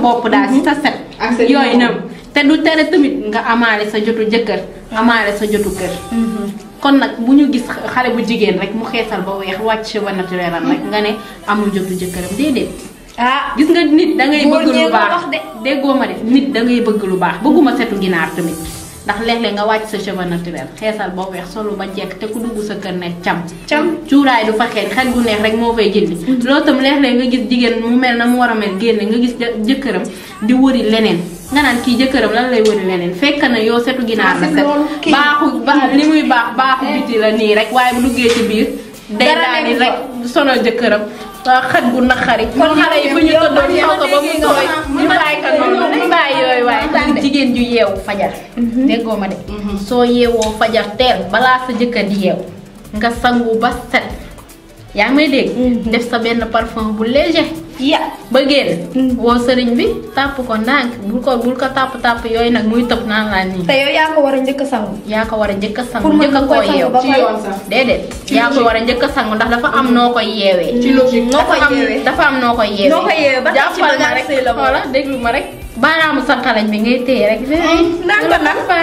bopp daal si sa set. yooyu nag te du tere tamit nga amaale sa jotu jëkkër amaale sa jotu kër. Mm-hmm. kon nag bu ñu gis xale bu jigéen rek mu xeesal ba weex wàcc cheveux naturel am rek nga ne amul jotu jëkkëram déedéet. ah gis nga nit da ngay bëgg lu baax déggoo ma de nit da ngay bëgg lu baax bëgguma setu ginaar tamit. ndax léeg-léeg nga wàcc sa cheveux naturel xeesal boo weex solo ba jekk te ku dugg sa kër ne cam cam cuuraay du fa xeeñ xet gu neex rek moo a mel génne nga gis jëkkëram di wëri leneen nga naan kii jëkkëram lan lay wëri leneen fekk na yow setu ginaar la set baaxu baax li muy baax baaxu eh. biti la nii rek waaye bu duggee ci biir day daani rek sonal jëkkëram xet gu naqari kon xale yi bu ñu tëddoon xaw ko ba mu tooy jigen ju yew fajar mhm. deggo ma de mhm. soo yeewoo fajar ter bala sa jeuke di yew nga sangu ba set ya ngi may mhm. dégg def sa ben parfum bu léger ya ba gel wo sëriñ bi tap ko nank bu ko bu ko tap tap yoy nak muy top nan la ni te yow ya ko wara jeuke sang ya ko wara jeuke sang jeuke ko yew a koo ci yoon sax déedéet yaa ko wara jeuke sang ndax dafa am noo yewé ci logique noo yewé dafa am noo yewé yeewee yewé ba jàppal ma rek xola deglu ma rek baaraamu sànqalañ bi ngay téye rek. ndànk ndànk